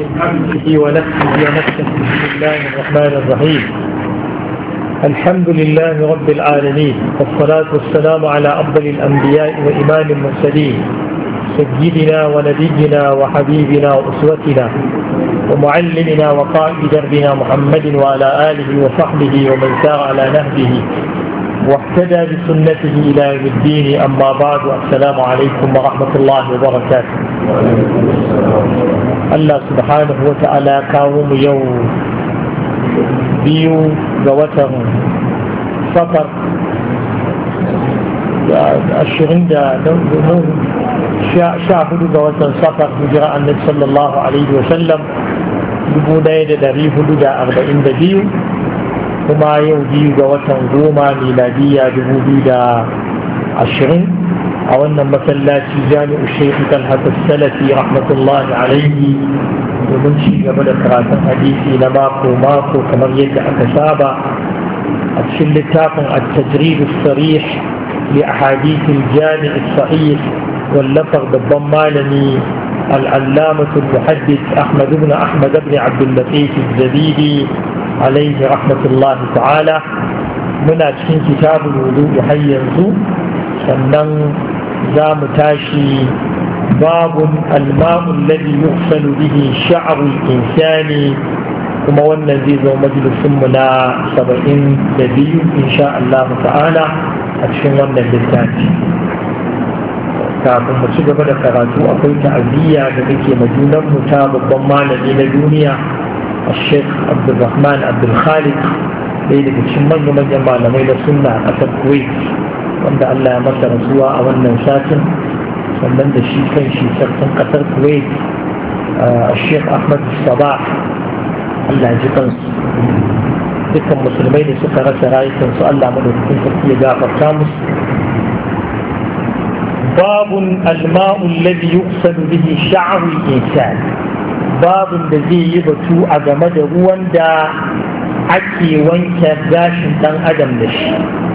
بحمده ونفسه ونفسه بسم الله الرحمن الرحيم الحمد لله رب العالمين والصلاة والسلام على أفضل الأنبياء وإمام المرسلين سيدنا ونبينا وحبيبنا وأسوتنا ومعلمنا وقائد دربنا محمد وعلى آله وصحبه ومن سار على نهجه واهتدى بسنته إلى يوم الدين أما بعد السلام عليكم ورحمة الله وبركاته Allah subhanahu wa ta'ala kawo mu yau biyu ga watan safar ashirin da sha hudu ga watan safar hijira annabi sallallahu alaihi wa sallam dubu daya da dari hudu da arba'in da biyu kuma yau biyu ga watan goma miladiya dubu biyu da ashirin a wannan masallaci jami'u shehu talhata salafi rahmatullahi alaihi domin ci gaba da karatun hadisi na mako mako kamar yadda aka saba a cikin littafin a tajribu sarih li ahadithin jami'in sahih wallafar babban malami العلامة المحدث أحمد بن أحمد بن عبد اللطيف الزبيدي عليه رحمة الله muna cikin أجل كتاب الوضوء حينزو sannan za mu tashi babun alma'un ladhi yughsalu bihi sha'ru insani kuma wannan zai zo majalisun mu na 72 insha Allah ta'ala a cikin wannan littafi kafin mu ci gaba da karatu akwai ta'aziyya da take majunan mu ta babban malami na duniya الشيخ عبد الرحمن عبد الخالق ɗaya daga cikin manya-manyan malamai na sunna a ƙasar kuwait wanda Allah ya masa rasuwa a wannan satin sannan da shi kan shi sarkin ƙasar kuwait a الشيخ أحمد Saba, Allah ji kansu dukkan musulmai da suka rasa rayukansu Allah madaukakin sarki ya gafarta musu babun alma'u alladhi yuqsadu bihi sha'ru al-insan babun da zai yi batu a game da ruwan da ake wanke gashin dan da shi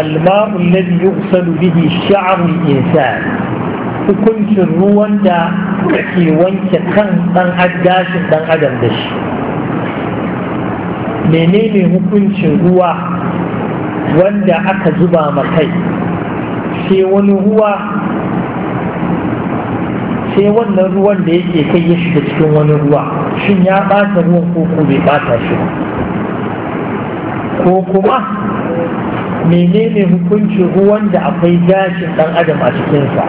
الماء الذي يغسل به شعر الإنسان hukuncin ruwan da ke wanke kan ɗan adashin ɗan adam da shi menene hukuncin ruwa wanda aka zuba ma sai wani ruwa sai wannan ruwan da yake kai ya shiga cikin wani ruwa shin ya ɓata ruwan ko bai ɓata shi ko kuma menene hukuncin ruwan da akwai gashin dan adam a cikinsa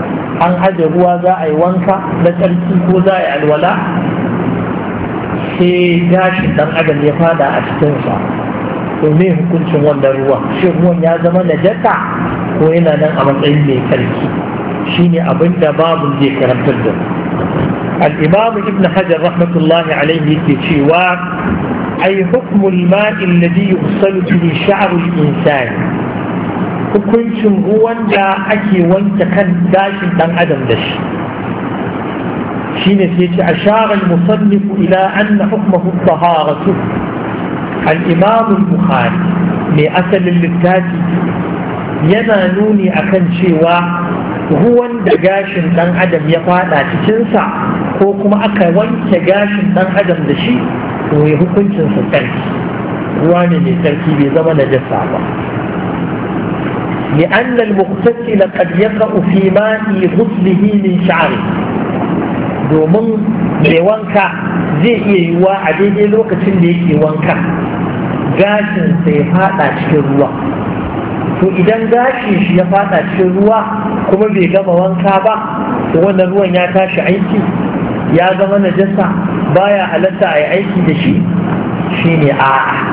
an aje ruwa za a yi wanka na tsarki ko za a yi alwala sai gashin dan adam ya fada a cikinsa to me hukuncin wanda ruwa shin ruwan ya zama najasa ko yana nan a matsayin mai tsarki shine abin da babu zai karantar da الإمام ابن حجر رحمة الله عليه يقول أي حكم الماء الذي يغسل به شعر الإنسان hukuncin ruwan da ake wanke kan gashin ɗan adam da shi shi ne sai ce a sharar musallifu ila an na hukumahu taharatu al’imamun buhari mai asalin littafi yana nuni akan cewa ruwan da gashin ɗan adam ya faɗa cikinsa ko kuma aka wanke gashin ɗan adam da shi to ya hukuncinsa tsarki ruwa ne mai sarki bai zama na jasa ba لأن المغتسل قد يقع في ماء غسله من شعره domin mai wanka zai iya yiwuwa a daidai lokacin da yake wanka gashin sai faɗa cikin ruwa to idan gashin shi ya fada cikin ruwa kuma bai gama wanka ba Ko wannan ruwan ya tashi aiki ya zama najasa baya halarta a yi aiki da shi shine a'a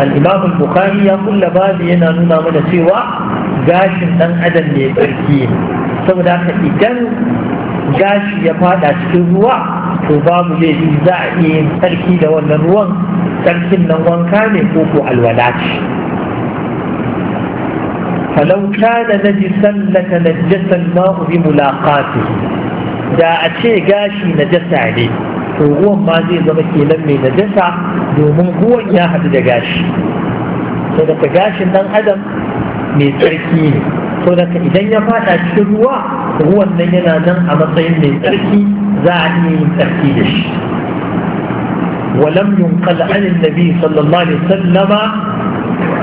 al-imam bukhari ya kulla babu yana nuna mana cewa gashin dan adam ne tsarki saboda haka idan gashi ya fada cikin ruwa to babu laifi za a iya yin tsarki da wannan ruwan tsarkin nan wanka ne ko ko alwala ce falau na ji laka najasan ma'u bi mulaqatihi da a ce gashi najasa ne to ruwan ma zai zama kenan mai najasa domin ruwan ya haɗu da gashi so daga gashin ɗan adam mai tsarki ne so daga idan ya faɗa cikin ruwa ruwan nan yana nan a matsayin mai tsarki za a iya yin tsarki da shi ولم ينقل عن النبي صلى الله عليه وسلم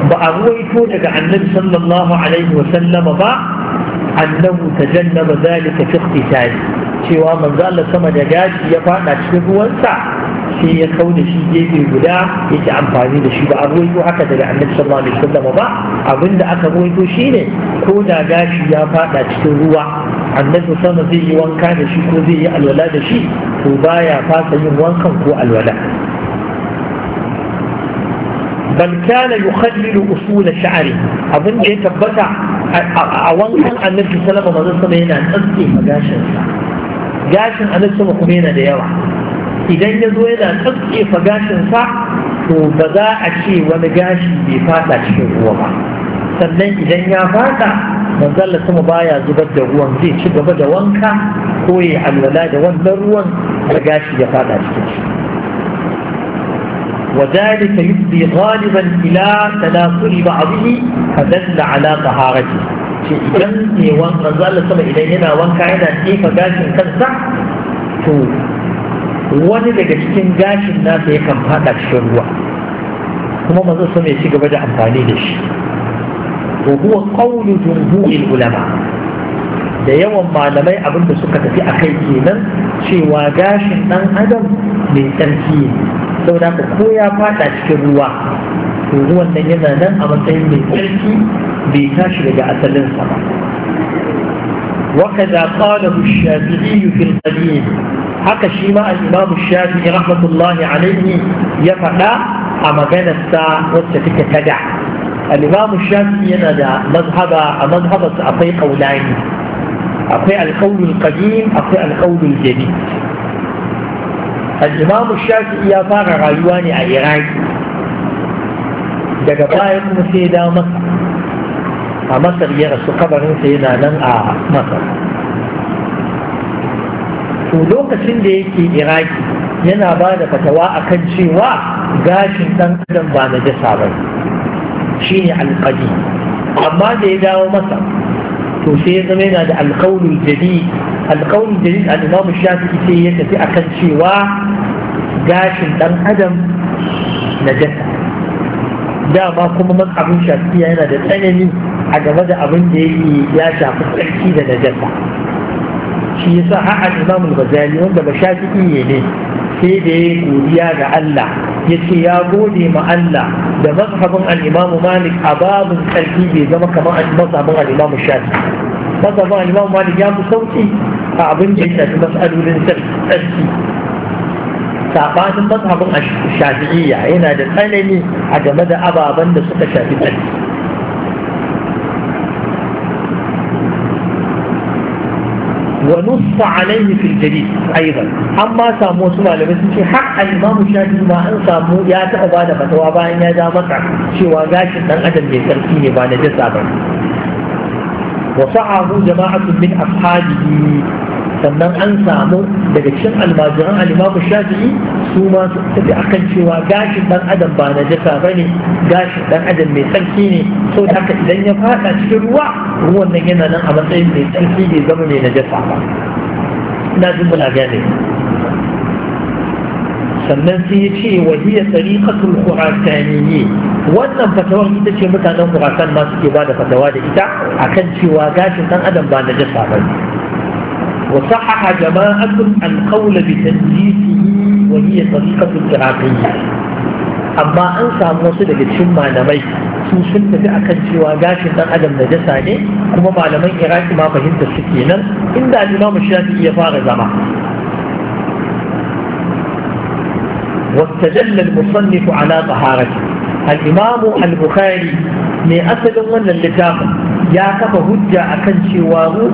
بأغويته لك عن النبي صلى الله عليه وسلم با أنه تجنب ذلك في اقتتاله cewa manzo Allah sama da gashi ya fada cikin ruwansa sai ya kau da shi gefe guda yake amfani da shi ba a ruwaito haka daga annabi sallallahu alaihi wasallam ba abinda aka ruwaito shine ko da gashi ya fada cikin ruwa annabi sama zai yi wanka da shi ko zai yi alwala da shi to baya fasa yin wankan ko alwala بل كان يخلل أصول شعره أظن يتبتع أولا أن النبي صلى الله عليه وسلم ينعن أسكي مقاشا gashin anas sama kuma yana da yawa idan ya zo yana gashin gashinsa to ba za a ce wani gashi bai fada cikin ruwa ba sannan idan ya fada manzalla sama baya zubar da ruwan zai ci gaba da wanka ko ya alwala da wannan ruwan da gashi ya fada cikin shi وذلك يفضي غالبا إلى تناقل بعضه فدل على طهارته ce idan ne wanka manzo Allah sama idan yana wanka yana tsefa gashin kansa to wani daga cikin gashin nasa yakan fada cikin ruwa kuma manzo sama ya ci gaba da amfani da shi wa huwa qawlu jumhuril ulama da yawan malamai abin da suka tafi a kai kenan cewa gashin ɗan adam mai tsarki ne saboda ko ya fada cikin ruwa Wannan yana nan a matsayin mai tsarki bai tashi daga asalinsa وكذا قاله الشافعي في القديم حكى شيماء الإمام الشافعي رحمة الله عليه يفعل أما كان الساعة والسفكة تدع الإمام الشافعي ينادى مذهب مذهب أقي قولين أقي القول القديم أقي القول الجديد الإمام الشافعي يفعل رايواني العراقي daga baya kuma sai da masa a masar ya rasu kabarinsa yana nan a masar to lokacin da yake iraki yana ba da fatawa a kan cewa gashin ɗan adam ba na jasa ba shi ne alƙadi amma da ya dawo masa to sai ya zama yana da alƙaunin jadi alƙaunin jadi al'imamu Shafi sai ya tafi a kan cewa gashin ɗan adam na jasa dama kuma abin shafiya yana da tsanani a game da abin da yake ya shafi tsarki da najasa shi yasa har al-Imam al wanda ba shafi'i ne sai da ya godiya ga Allah ya ce ya gode ma Allah da mazhabin al-Imam Malik a babin tsarki bai zama kamar mazhabin al-Imam Shafi'i mazhabin al-Imam Malik ya fi sauki a abin da ya shafi mas'alolin tsarki sabanin mazhabin shafi'iyya yana da tsanani a game da ababen da suka shafi tsari wa nusa alaihi fil jadid aidan an ba samu wasu malamai sun ce har al-imamu shafi ma an samu ya taba ba da fatawa bayan ya ja maka cewa gashin ɗan adam mai sarki ne ba na jasa ba wa sa'ahu jama'atun min ashabihi sannan an samu daga cikin almajiran alimamu shafi'i su ma su tafi akan cewa gashin dan adam ba na jasa ba ne gashin dan adam mai tsarki ne so da haka idan ya fada cikin ruwa ruwan nan yana nan a matsayin mai tsarki bai zama mai jasa ba ina jin muna gane sannan sai ya ce wa hiya tariqatul khurasaniyyi wannan fatawar ita ce mutanen khurasan ma suke ba da fatawa da ita akan cewa gashin dan adam ba na jasa ba ne وصحح جماعة القول بتدليسه وهي طريقة العراقية أما أنسى موصل لجتشم معلمي سوسن تفي أكد سوى جاش أن أدم نجسة عليه كما معلمي إراك ما فهمت السكينة إن دا الإمام الشافعي يفار زمان واستدل المصنف على طهارته الإمام البخاري من أسد من اللتاق يا كف هجة أكن سواه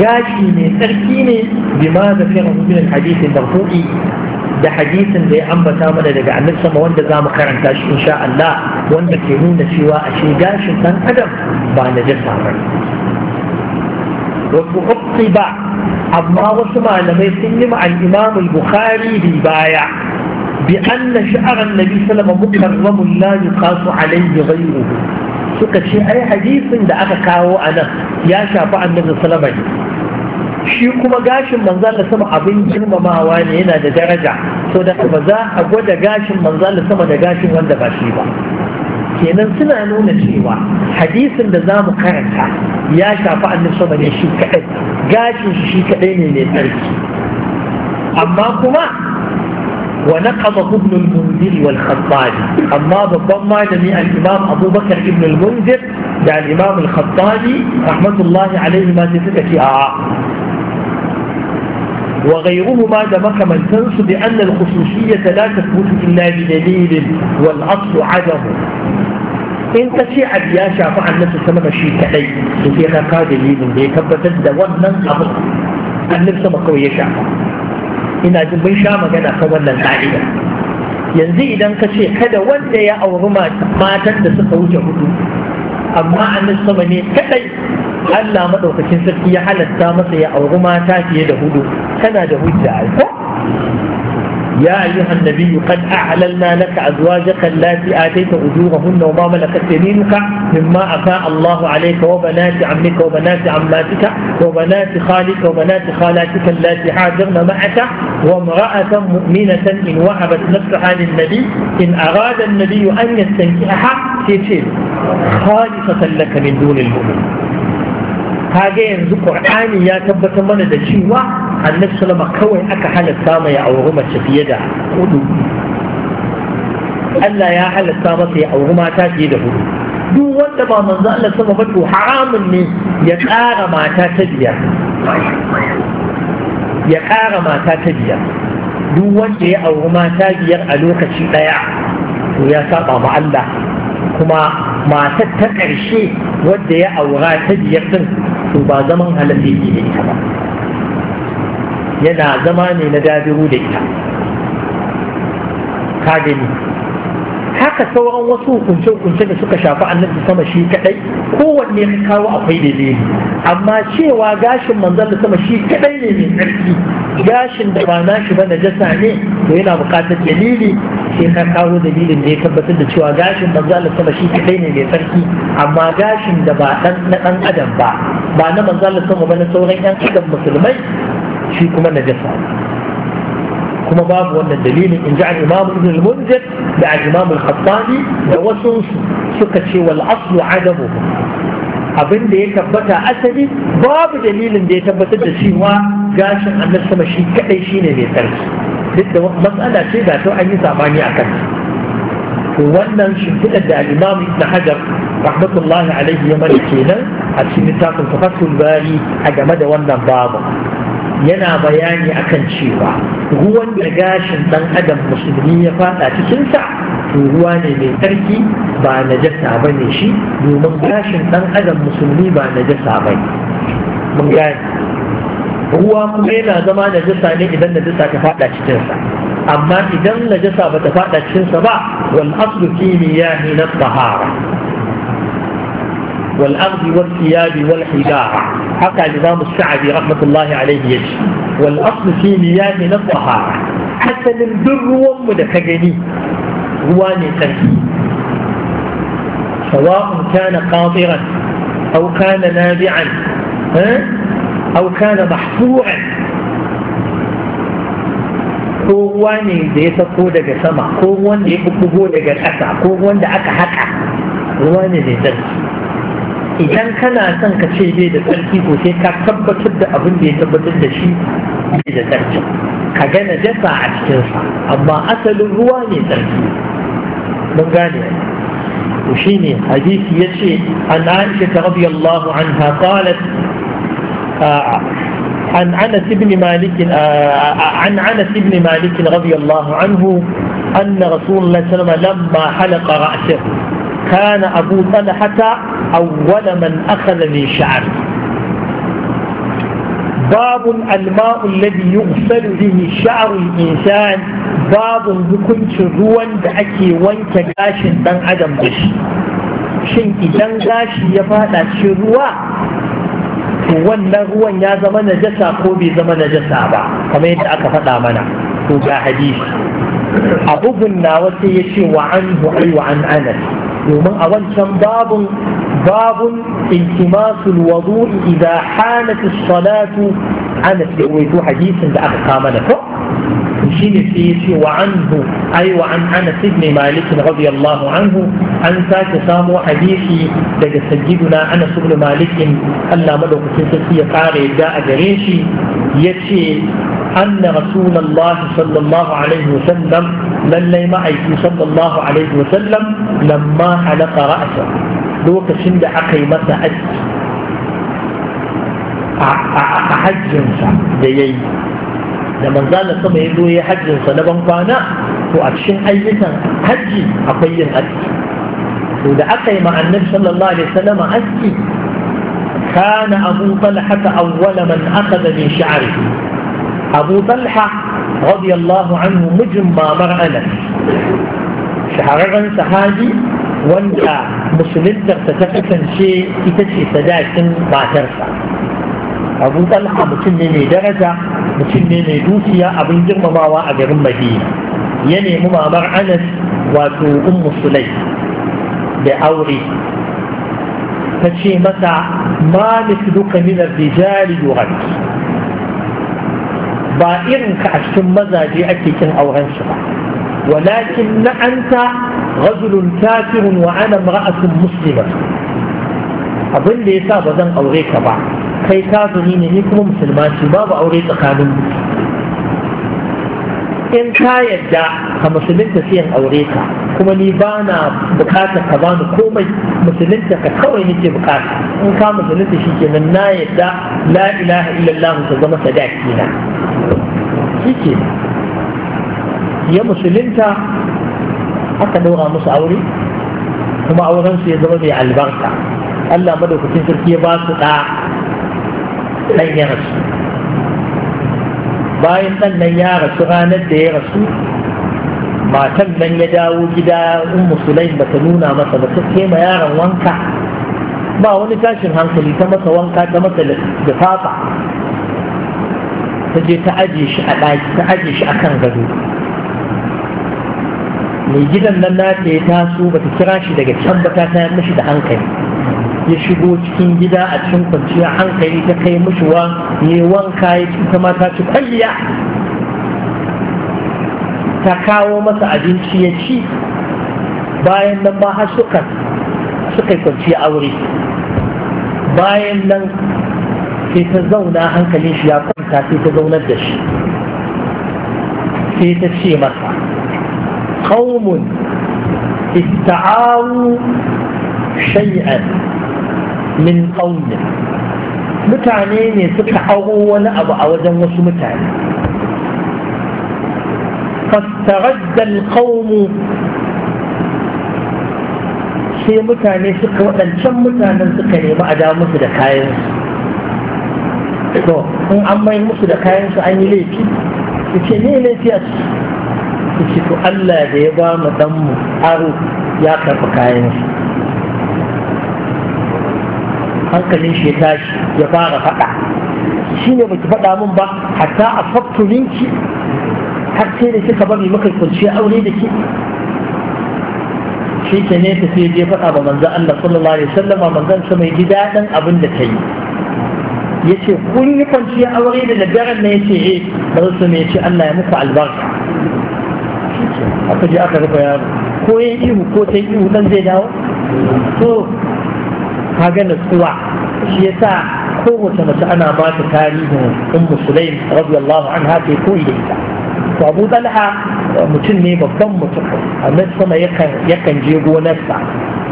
gashi mai tsarki ne bima da fi rahumin hadisin marfu'i da hadisin da ya ambata mana daga annabi sama wanda za mu karanta shi insha Allah wanda ke nuna cewa a shi gashin dan adam ba na jasa ba wasu hukki ba amma wasu malamai sun yi ma al-imam al-bukhari bi baya bi anna sha'ar annabi sallama mukarramun la alayhi ghayruhu suka ce ai hadisin da aka kawo a nan ya shafi annabi sallama ne shi kuma gashin manzo Allah sama abin girmamawa ne yana da daraja to da ba za a gwada gashin manzo Allah sama da gashin wanda ba shi ba kenan suna nuna cewa hadisin da zamu karanta ya shafi annabi sama ne shi kadai gashin shi shi kadai ne mai tsarki amma kuma ونقضه ابن المنذر والخطابي أما abubakar جميع الإمام أبو بكر ابن المنذر يعني الإمام الخطابي رحمة الله عليه ما تتكي a. وغيرهما دمك من تنس بأن الخصوصية لا تثبت إلا بدليل والأصل عدم in ka ce abu ya shafi annabi sama da shi kadai to sai ka ka dalilin da ya tabbatar da wannan abu annabi sama kawai ya shafa ina jin mun sha magana kan wannan ka'ida yanzu idan ka ce kada wanda ya auri matan da suka wuce hudu amma annabi sama ne kadai Allah madaukakin sarki ya halatta masa ya auri mata fiye da hudu kana da hujja alfa يا أيها النبي قد أعلنا لك أزواجك التي آتيت أجورهن وما ملكت يمينك مما أفاء الله عليك وبنات عمك وبنات عماتك وبنات خالك وبنات خالاتك التي حاجرن معك وامرأة مؤمنة إن وهبت نفسها للنبي إن أراد النبي أن يستنكحها شيء خالصة لك من دون المؤمن هذا ذكر قرآني يا تبت من دشيوة annabi sallama kawai aka halatta mai ya auri mace fiye da hudu Allah ya halatta masa ya auri mata fiye da hudu duk wanda ba manzo Allah sama ba to haramun ne ya ƙara mata ta biyar ya ƙara mata ta biyar duk wanda ya auri mata biyar a lokaci ɗaya to ya saba ma Allah kuma matar ta ƙarshe wadda ya aura ta biyar din to ba zaman halin da yake da ita ba yana zama ne na dabiru da ita ka gani haka sauran wasu hukunce-hukunce da suka shafi annabi sama shi kadai kowanne ka kawo akwai dalili amma cewa gashin manzon da sama shi kadai ne mai tsarki gashin da ba nashi ba na jasa ne to yana buƙatar dalili sai ka kawo dalilin da ya tabbatar da cewa gashin manzon da sama shi kadai ne mai tsarki amma gashin da ba na dan adam ba ba na manzon da sama ba na sauran yan adam musulmai في كما نجسة كما باب وأن الدليل إن جعل إمام ابن المنذر بعد إمام الخطاني يوسن سكتشي والأصل عدمه أبن دي يتبتا أسدي باب دليل دي يتبتا دسيوا جاشا أن نسمى شيء كأي شيء نبي ترس لدى مسألة شيء ذاته أي زماني أكد وأن شمتنا دا الإمام ابن حجر رحمة الله عليه يمني كينا أسيني تاكم تفصل باري أجمد وأن بابا yana bayani akan cewa ruwan da gashin dan adam musulmi ya fada cikinsa to ruwa ne mai tsarki ba najasa ba ne shi domin gashin dan adam musulmi ba najasa ba ne mun gane ruwa kuma yana zama najasa ne idan najasa ta fada cikinsa amma idan najasa ba ta fada cikinsa ba wal aslu fi ya na tahara والأرض والثياب والحجارة حقا الإمام السعدي رحمة الله عليه يجي والأصل في مياه الطهارة حتى البر ومدكجني هو تركي سواء كان قاطرا أو كان نابعا أو كان محفوعا ko ruwa تقول لك ya sako daga لك الأسع ruwan da حكا bugo daga ƙasa idan kana son ka ce bai da tsarki ko sai ka tabbatar da abin da ya tabbatar da shi bai da tsarki ka ga najasa a cikinsa amma asalin ruwa ne tsarki mun gane to shine hadisi ya ce an Aisha radiyallahu anha qalat عن انس بن مالك عن انس بن مالك رضي الله عنه ان رسول الله صلى الله عليه وسلم لما حلق راسه كان أبو طلحة أول من أخذ من شعره باب الماء الذي يغسل به شعر الإنسان باب هكم شروان بأكي وانك قاش دن عدم بش شن إذن قاش يفادا شروا wannan ruwan ya zama najasa ko bai zama najasa ba kamar yadda aka faɗa mana ko ga hadisi abubuwan na wasu ya ce wa an wa an يوم أظن كم باب باب التماس الوضوء إذا حانت الصلاة عن لأويتو حديث عند أحكامنا فوق shine sai ya ce wa anhu ai wa an Anas Malik radiyallahu anhu an sake samo hadisi daga sayyiduna ana ibn Malik Allah madaukakin sarki ya kare yadda a gare shi yace أن رسول الله صلى الله عليه وسلم للي معيكي صلى الله عليه وسلم لما حلق رأسه لوك سند عقيمة أج أحجنسا ديي da manzana sama ya zo ya hajjin sa na ban kwana to a cikin ayyukan hajji akwai yin aski to da aka yi ma'annar sallallahu alaihi wasallam aski kana abu talha ta awwala man akhadha min sha'ri abu talha radiyallahu anhu mijin mamar ana. shahararren sahabi wanda musulunta ta kasance ita ce sadakin matarsa abu talha mutum ne mai daraja mutum ne mai dukiya abin girmamawa a garin madina ya nemi mamar anas wato ummu sulai da aure ta ce masa ma misluka min ar-rijali yuraki ba irin ka a cikin mazaje ake kin auren shi ba walakin na anta rajulun kafirun wa ana imra'atun abin da yasa ba zan aure ka ba kai kafiri ne ni kuma musulma ce babu aure tsakanin mu in ka yadda ka musulunta sai in aure ka kuma ni ba na bukatar ka bani komai musulunta ka kawai nake bukata in ka musulunta shi kenan na yadda la ilaha illallah ta zama sadaki na shi ke ya musulunta aka daura musu aure kuma aurensu ya zama mai albarka Allah madaukakin sarki ya ba su ɗa ɗan ya rasu bayan ɗan nan ya rasu ranar da ya rasu matan nan ya dawo gida in musulai ba ta nuna masa ba ta ma yaron wanka ba wani tashin hankali ta masa wanka ta masa da fafa ta je ta aje shi a ɗaki ta aje shi a kan gado mai gidan nan nata ya taso ba ta kira shi daga can ba ta tayar mashi da hankali ya shigo cikin gida a cikin kwanciya hankali ta kai mushuwa ya wanka ya ci kuma ta ci kwalliya ta kawo masa abinci ya ci bayan nan ba har suka suka yi kwanciya aure bayan nan sai ta zauna hankalin shi ya kwanta sai ta zaunar da shi sai ta ce masa qaumun ista'awu shay'an min qaumin mutane ne suka aro wani abu a wajen wasu mutane fastaradda alqawmu sai mutane suka waɗancan mutanen suka nemi a da musu da kayansu to in an mai musu da kayansu an yi laifi su ce ne laifi a su to Allah da ya ba mu ɗanmu aro ya karɓi kayansu hankalin shi ya tashi ya fara faɗa shi ne baki faɗa min ba hatta a fattunin ki har sai da kika bari muka kwanciya aure da ki? shi ke ne ta sai je faɗa ba manzan Allah sallallahu alaihi wasallam manzan sa mai gida dan abin da yi yace kun yi kwanciya aure da daren ne yace eh ba su ne yace Allah ya muku albarka aka je aka rufe yaro ko yin ihu ko ta ihu dan zai dawo to kaga natsuwa shi ya sa kowace mace ana ba ta tarihin ummu sulaim radiyallahu anha ya koyi da ita to abu talha mutum ne babban mutum annabi sama yakan je gonarsa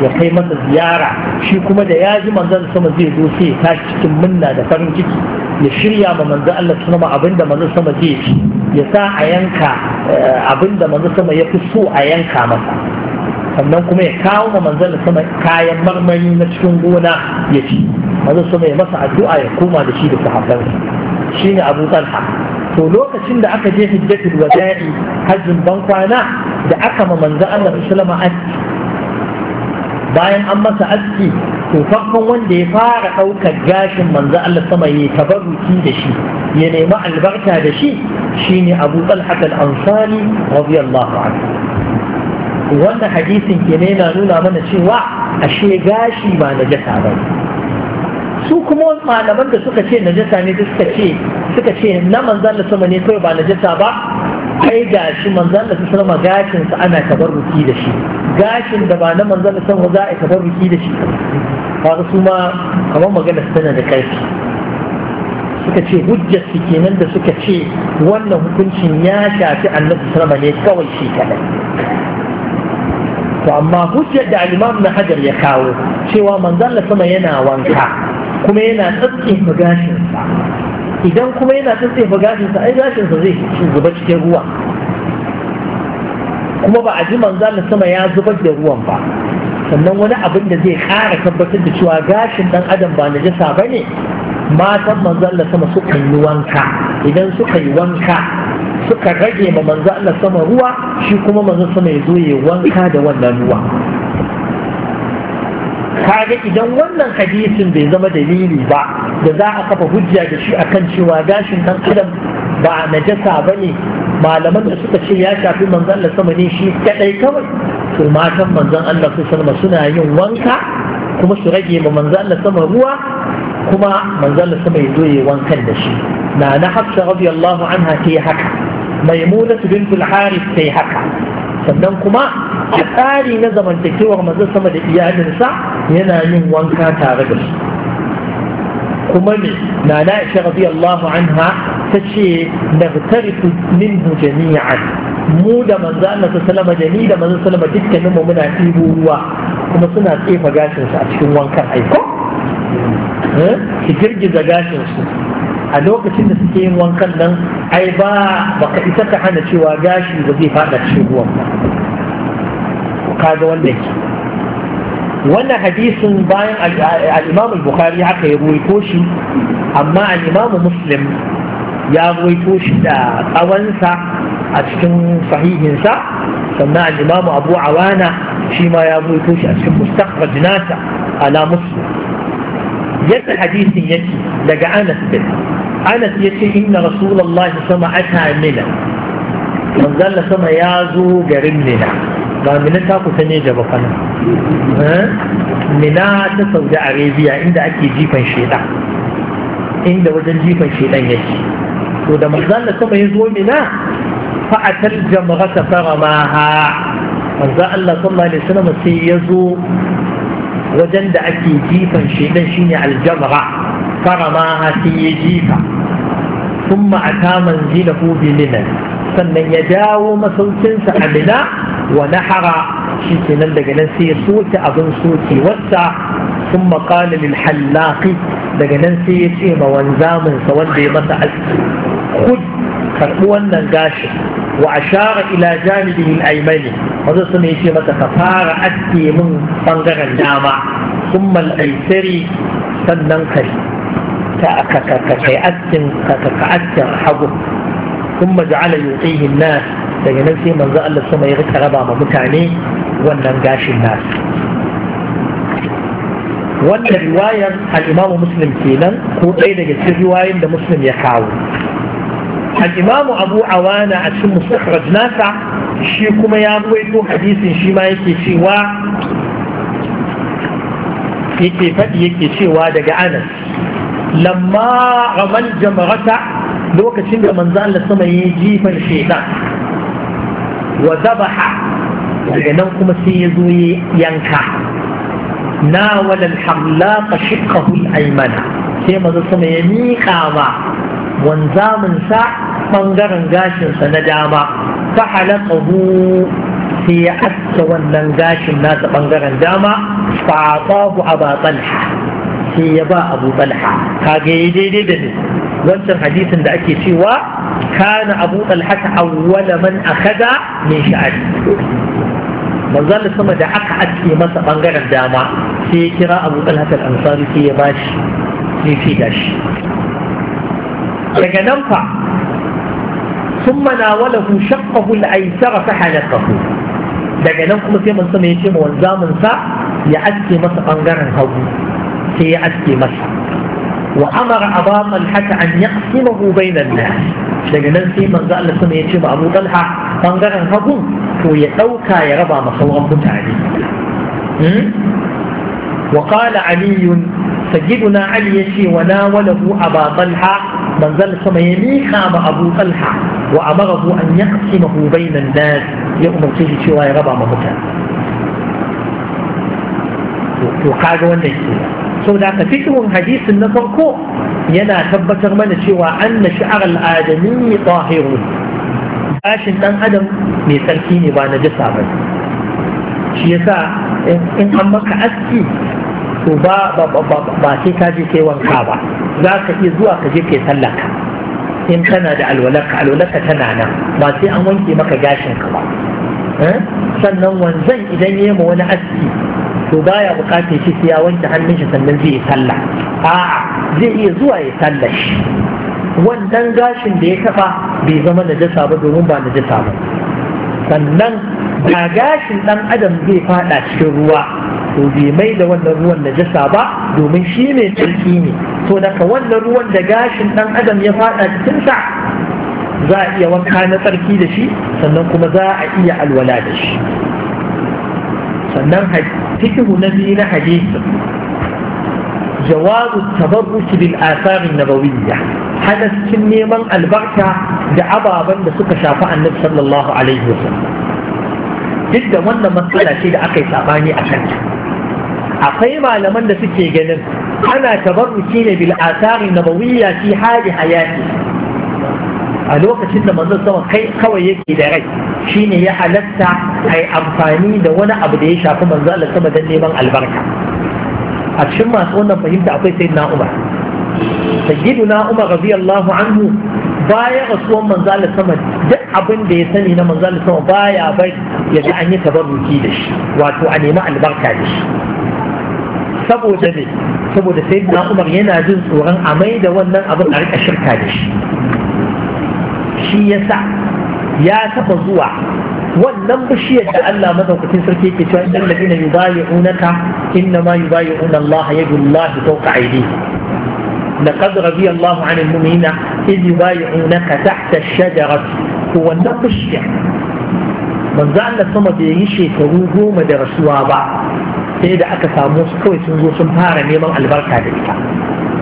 ya kai masa ziyara shi kuma da ya ji manzan sama zai zo sai ya tashi cikin munna da farin ciki ya shirya ma manzan Allah sama abinda manzan sama zai ci ya sa a yanka eh, abinda manzan sama ya fi so a yanka masa sannan kuma ya kawo ma manzon sama kayan marmari na cikin gona ya ci manzon sama ya masa addu'a ya koma da shi da Shi shine Abu Talha to lokacin da aka je hijjatul wada'i hajjin ban kwana da aka ma manzon Allah sallama aski bayan an masa aski to farkon wanda ya fara ɗaukar gashin Manza Allah sama ya tabarruki da shi ya nemi albarka da shi shine Abu Talha al-Ansari radiyallahu anhu wannan hadisin ke ne na nuna mana cewa ashe gashi ba na jata ba su kuma malaman da suka ce najasa ne da suka ce suka ce na manzan da sama ne kawai ba najasa ba ai gashi manzan da sama gashin sa ana tabarruki da shi gashin da ba na manzan da sama za a tabarruki da shi kaga su ma kamar magana tana da karfi suka ce hujjar su kenan da suka ce wannan hukuncin ya shafi annabi sama ne kawai shi kadai to amma hujjar da alimam na hajar ya kawo cewa manzon sama yana wanka kuma yana tsatsefa gashinsa idan kuma yana tsatsefa gashinsa ai gashinsa zai zuba cikin ruwa kuma ba a ji manzon sama ya zubar da ruwan ba sannan wani abin da zai ƙara tabbatar da cewa gashin dan adam ba na jasa ba ne matan manzon sama suka yi wanka idan suka yi wanka suka rage ma manzo Allah sama ruwa shi kuma manzo sama ya zo ya wanka da wannan ruwa kaga idan wannan hadisin bai zama dalili ba da za a kafa hujja da shi akan cewa gashin dan adam ba najasa bane malaman da suka ce ya shafi manzon Allah sama ne shi kadai kawai to matan manzon Allah sallallahu suna yin wanka kuma su rage ma manzon Allah sama ruwa kuma manzon Allah sama ya zo ya wankan da shi na na Hafsa radiyallahu anha ta yi haka maimuna bintul haris sai haka sannan kuma a tsari na zamantakewar maza sama da iyalinsa yana yin wanka tare da su kuma ne na na isha radiyallahu anha ta ce nagtarifu minhu jami'an mu da manzo Allah sallama da ni da manzo sallama dukkanin mu muna ɗibo ruwa kuma suna tsefa gashin su a cikin wankan aiko su eh? girgiza gashin su a lokacin da suke yin wankan nan ai ba baka isa ka hana cewa gashi ba zai fada cikin ruwan ba kaga wannan ke wannan hadisin bayan al-Imam al-Bukhari haka ya ruwaito shi amma al-Imam Muslim ya ruwaito shi da tsawonsa a cikin sahihinsa sannan al-Imam Abu Awana shi ma ya ruwaito shi a cikin mustaqbal jinata, ala Muslim yadda hadisin yake daga Anas bin anas ya ce inna rasulullahi sama ata mina manzalla sama ya zo garin mina ba mina ta kusa ne jaba fana eh? mina ta saudi arabia inda ake jifan sheda inda wajen jifan shedan yake to da manzalla sama ya zo mina fa'atar jama'ata faramaha manzo Allah sallallahu alaihi wasallam sai ya zo wajen da ake jifan shedan shine aljamra فرماها في جيفة ثم أتى منزله بمنى sannan ya dawo masaukinsa a mina wa nahara shi ke nan daga nan sai ya soke abin soke wasa sun makalin hallaki daga nan sai ya ce wanzaminsa wanda ya masa aski kud karɓi wannan gashin wa ashara ila janibihin aimani wanda suna ya ce masa ka fara aske min bangaren dama sun mal'aisari sannan kari كأكتن كأكتن حبه ثم جعل يعطيه الناس daga nan sai manzo Allah sama ya rika raba ma mutane wannan gashin nasu wannan riwayar al-Imam Muslim kenan ko ɗaya daga cikin riwayoyin da Muslim ya kawo al-Imam Abu Awana a cikin Mustakhraj nasa shi kuma ya ruwaito hadisin shi ma yake cewa yake faɗi yake cewa daga Anas lamma ramal jamarata lokacin da manzo Allah sama yi jifan shaitan wa zabaha daga nan kuma sai ya zo yanka na walal hamlaqa shiqqahu al-aymana sai manzo sama ya miƙa ma wanzamin sa bangaren gashinsa na dama ta halaqahu sai ya aska wannan gashin nasa bangaren dama fa a ba sai ya ba abu talha kage ya daidai da ne wancan hadisin da ake cewa kana abu talha ta awwala man akhadha min sha'ani manzo Allah sama da aka ake masa bangaren dama sai ya kira abu talha ta ansari sai ya bashi sai ya fi dashi daga nan fa ثم ناوله شقه الايسر فحلقه daga nan kuma sai mun sama ya ce ma wanzamin sa ya aske masa bangaren hagu sai ya aske masa wa amara aba talha an yaqsimahu bainan nas daga nan sai manzo Allah sama ya ce Abu Talha bangaren hagu to ya dauka ya raba ma sauran mutane hmm? wa qala ali sayyiduna ali yace wa nawalahu aba talha manzo Allah sama ya mika ma Abu Talha wa amarahu an yaqsimahu bainan nas ya umarce shi cewa ya raba ma mutane to kaga wannan kenan da ka fikihun hadisin na farko yana tabbatar mana cewa anna sha'ar al'adami tahiru gashin dan adam mai sarki ne ba na jisa ba shi yasa in an maka aski to ba sai ka je kai wanka ba za ka iya zuwa ka je kai sallaka in kana da alwalarka alwalarka tana nan ba sai an wanke maka gashin ka ba eh? sannan wanzan idan ya ma wani aski to baya bukatar shi ya wanke hannun shi sannan zai yi sallah a'a zai iya zuwa ya sallah shi wannan gashin da ya taba bai zama najasa ba domin ba najasa ba sannan da gashin dan adam zai fada cikin ruwa to bai mai da wannan ruwan najasa ba domin shi mai tsarki ne to daga wannan ruwan da gashin dan adam ya fada cikinsa za a iya wanka na tsarki da shi sannan kuma za a iya alwala da shi sannan fikihu na biyu na hadisi جواز التبرك بالآثار النبوية حدث كني من البركة دعبا بند سكة شافع النبي صلى الله عليه وسلم جدا وانا مسألة شيء أكي ساباني أكنت أقيم على من سكي جنب أنا تبركين بالآثار النبوية في حال حياتي الوقت إنما نظر كوي يكي لغير shine ya halatta ai amfani da wani abu da ya shafi manzo Allah sama dan neman albarka a cikin masu wannan fahimta akwai na Umar na Umar radiyallahu anhu baya rasuwan manzo Allah sama duk abin da ya sani na manzo Allah sama baya bai ya ji an yi tabarruki da shi wato a nemi albarka da shi saboda ne saboda Umar yana jin tsoron a mai da wannan abin a rika shirka da shi shi yasa ya taba zuwa wannan bishiyar da Allah madaukakin sarki yake cewa idan da ina yubayi'unaka inna ma yubayi'una Allah yadullahi fawqa aydihim laqad radiya Allahu 'anil mu'minina id yubayi'unaka tahta ash-shajarati wannan bishiyar manzo Allah sama bai yi shekaru goma da rasuwa ba sai da aka samu su kawai sun zo sun fara neman albarka da ita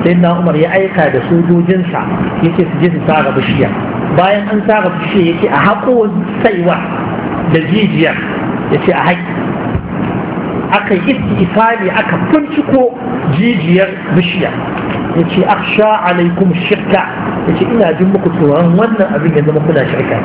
sai na Umar ya aika da sojojinsa yake su je su tsara bishiyar bayan an tsara ya ce a haƙo saiwa da jijiyar ya ce a haƙi aka yi ifali aka binciko jijiyar bishiya ya ce aksha alaikum shirka ya ce ina jin muku tsoron wannan abin ya zama kuna shirka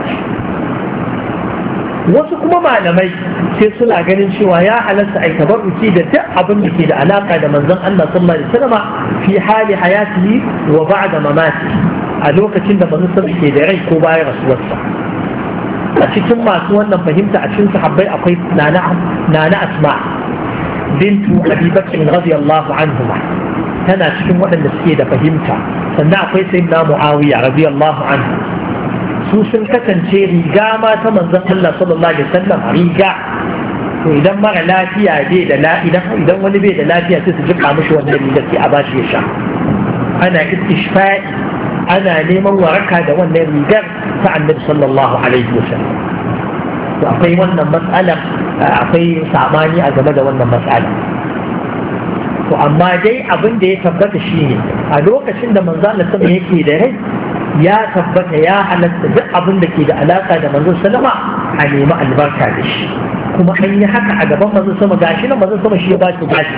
wasu kuma malamai sai suna ganin cewa ya halatta a tabarruki da duk abin da ke da alaka da manzon Allah sallallahu alaihi wasallam fi hali hayati wa ba'da mamaki. a lokacin da manzon ke da rai ko bayan rasuwarsa a cikin masu wannan fahimta a cikin sahabbai akwai nana asma bintu abi bakr radiyallahu anhuma tana cikin waɗanda suke da fahimta sannan akwai sayyidina muawiya radiyallahu anhu su sun kasance riga ma ta manzon Allah sallallahu alaihi wasallam riga to idan mara lafiya bai da idan wani bai da lafiya sai su jika mishi wannan riga sai a bashi ya sha ana istishfa'i ana neman waraka da wannan rigar ta annabi sallallahu alaihi wa wasallam akwai wannan matsalar akwai samani a game da wannan matsala. to amma dai abin da ya tabbata shine a lokacin da manzo Allah sama yake da rai ya tabbata ya halatta duk abin da ke da alaka da manzo sallama a nemi albarka da shi kuma an yi haka a gaban manzo sama gashi nan manzo sama shi ya ba shi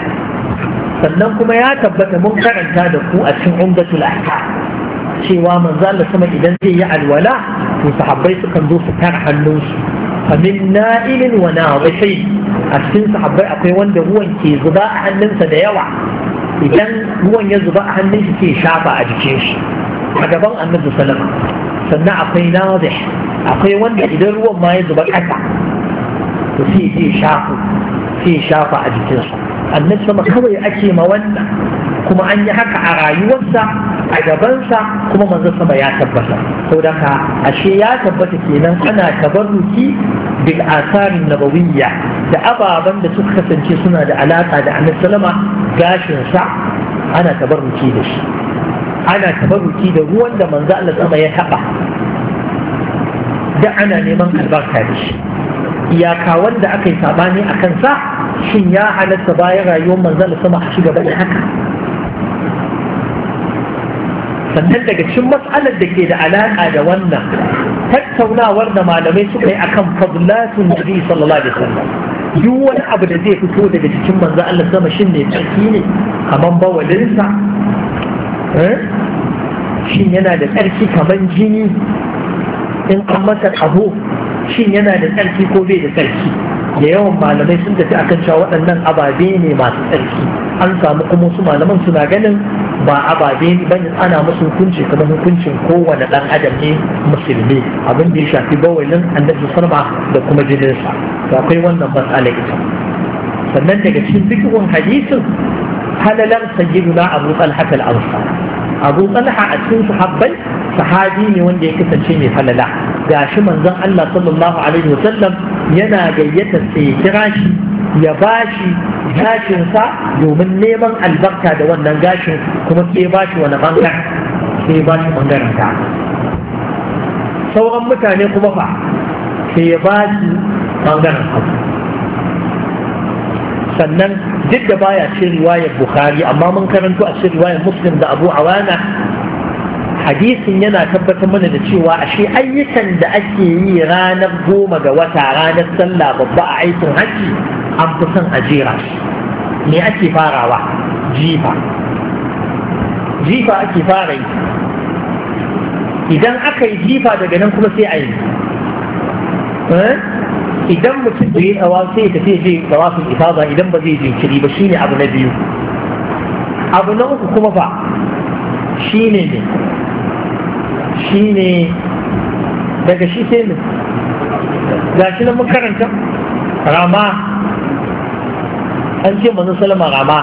sannan kuma ya tabbata mun karanta da ku a cikin umdatul ahkam cewa manzo Allah sama idan zai yi alwala to sahabbai sukan zo su tara hannunsu famin na'ilin wa na'ishai a cikin sahabbai akwai wanda ruwan ke zuba a hannunsa da yawa idan ruwan ya zuba a hannun shi ke shafa a jikin shi a gaban annabi sallama sannan akwai nazih akwai wanda idan ruwan ma ya zuba ƙasa to sai sai shafa sai shafa a jikin sa annabi sama kawai ake ma wannan kuma an yi haka a rayuwarsa a gabansa kuma manzo sama ya tabbata saboda ka ashe ya tabbata kenan ana tabarruki bil asarin nabawiyya da ababen da suka kasance suna da alaka da annabi sallama gashin sa ana tabarruki da shi ana tabarruki da ruwan da manzo Allah sama ya taba da ana neman albarka da shi iyaka wanda aka yi sabani a kansa shin ya halatta bayan rayuwar manzo Allah sama a shiga gaba haka sannan daga cikin matsalar da ke da alaƙa da wannan tattaunawar da malamai suka yi akan fadlatun nabi sallallahu alaihi wasallam duk wani abu da zai fito daga cikin manzo Allah sama shin ne tsarki ne kaman bawalinsa eh? shin yana da tsarki kaman jini in an masa abu shin yana da tsarki ko bai da tsarki da yawan malamai sun tafi akan cewa waɗannan ababe ne masu tsarki an samu kuma su malaman suna ganin ba ababe ban ana musu hukunci kamar hukuncin kowane dan adam ne musulmi abin da ya shafi bawalin annabi sallama da kuma jininsa to akwai wannan matsala ita sannan daga cikin zikirin hadisin halalar sayyiduna abu talha al-ansar abu talha a cikin sahabbai sahabi ne wanda ya kasance mai falala gashi manzon Allah sallallahu alaihi wasallam yana gayyata sai kira shi ya bashi gashinsa domin neman albarka da wannan gashin kuma sai bashi wani bangaren sai bashi bangaren ta sauran mutane kuma fa sai ya bashi bangaren hagu sannan duk da baya ce riwayar bukhari amma mun karanto a cikin riwayar muslim da abu awana hadisin yana tabbatar mana da cewa ashe ayyukan da ake yi ranar goma ga wata ranar sallah babba a aikin hajji an fi son a jera me ake farawa jifa jifa ake fara yi idan aka yi jifa daga nan kuma sai a yi eh? idan mutum da ya tsawa sai ya tafi je tawafin ifada idan ba zai jinkiri ba shine abu na biyu abu na uku kuma fa shine ne shine daga shi sai ne ga shi na makaranta rama an ce manzon salama rama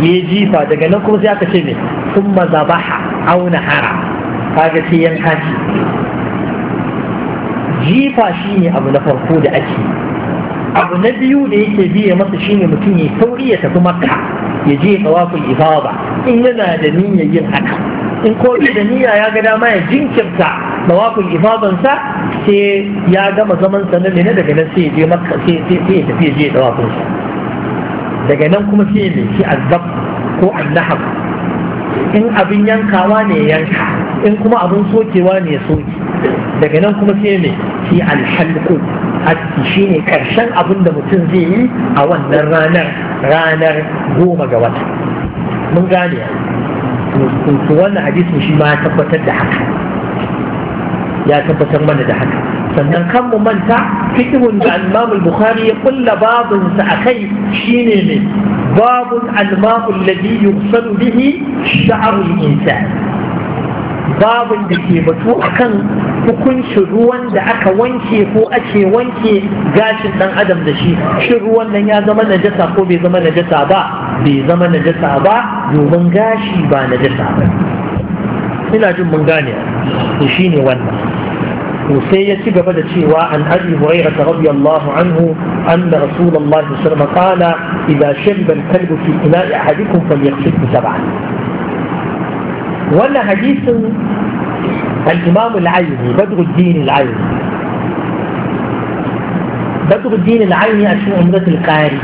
ya jifa daga nan kuma sai aka ce ne sun mazabaha auna hara kaga sai yan ce jifa shine abu na farko da ake abu na biyu da yake biye masa shine mutum ya sauri ya tafi makka ya je tawafin ibaba. in yana da niyyar yin haka in ko da niyya ya ga dama ya jinkirta tawafin ibabansa sai ya gama zaman sa na daga nan sai ya je makka sai ya tafi ya je tawafin sa daga nan kuma shi ne shi azab ko annahab in abin yankawa ne yanka in kuma abin sokewa ne soke daga nan kuma sai ne shi alhalku shi ne karshen abin da mutum zai yi a wannan ranar ranar goma ga wata mun gane wannan hadisin shi ma ya tabbatar da haka ya tabbatar mana da haka sannan kan mu manta fikihun da al bukhari ya kulla babun sa akai shine ne babun al-ma'u alladhi yusadu bihi sha'ru al-insan babun da ke batu akan hukuncin ruwan da aka wanke ko ake wanke gashin dan adam da shi shin ruwan nan ya zama najasa ko bai zama najasa ba bai zama najasa ba domin gashi ba najasa ba ina jin mun gane shi ne wannan وسي يتجب شيوا عن أبي هريرة رضي الله عنه أن رسول الله صلى الله عليه وسلم قال إذا شرب الكلب في إناء أحدكم فليغسله سبعا ولا حديث الإمام العيني بدر الدين العيني بدر الدين العيني أشهر عمدة القاري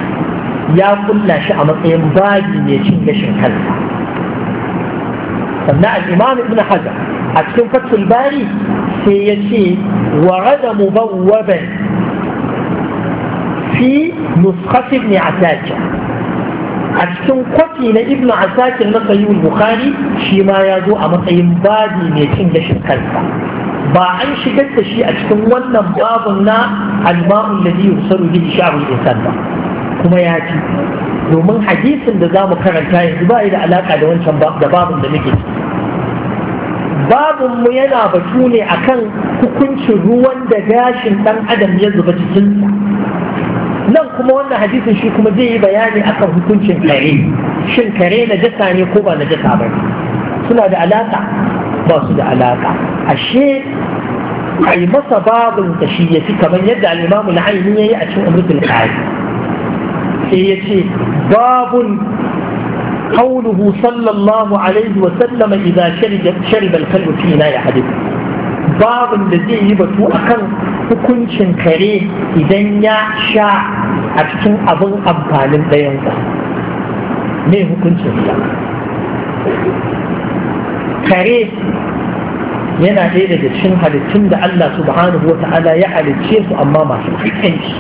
يا كل شيء مطعم باقي يشين قشن كلب سمع الإمام ابن حجر أتكلم فتح الباري sai ya ce wa rada mu bawaben fi nuskafin ne a sake a cikin kwafi na ibnu asakir na sayyid bukhari shi ma ya zo a matsayin babi mai cin gashin kansa ba an shigar da shi a cikin wannan babun na alma'un da biyu saru bi sha'ul insan ba kuma ya ci domin hadisin da za mu karanta yanzu ba yi da alaka da wancan da da muke ciki babinmu yana batu ne akan hukuncin ruwan da gashin ɗan adam ya zuba cikinsa nan kuma wannan hadisin shi kuma zai yi bayani akan hukuncin kare shin kare na jasa ne ko ba na jasa ba suna da alaka ba su da alaka ashe a yi masa babin ta shi ya fi kamar yadda al'imamu na ainihin ya yi a cikin amurkin kare sai ya ce babun قوله صلى الله عليه وسلم إذا شرب, شرب الكلب في إناء أحدكم باب الذي يبتو أكل hukuncin kare idan ya sha a cikin abin amfanin ɗayansa ne hukuncin sa kare yana ɗaya daga cikin halittun da Allah subhanahu wa ta'ala ya halicce amma masu ƙiƙanci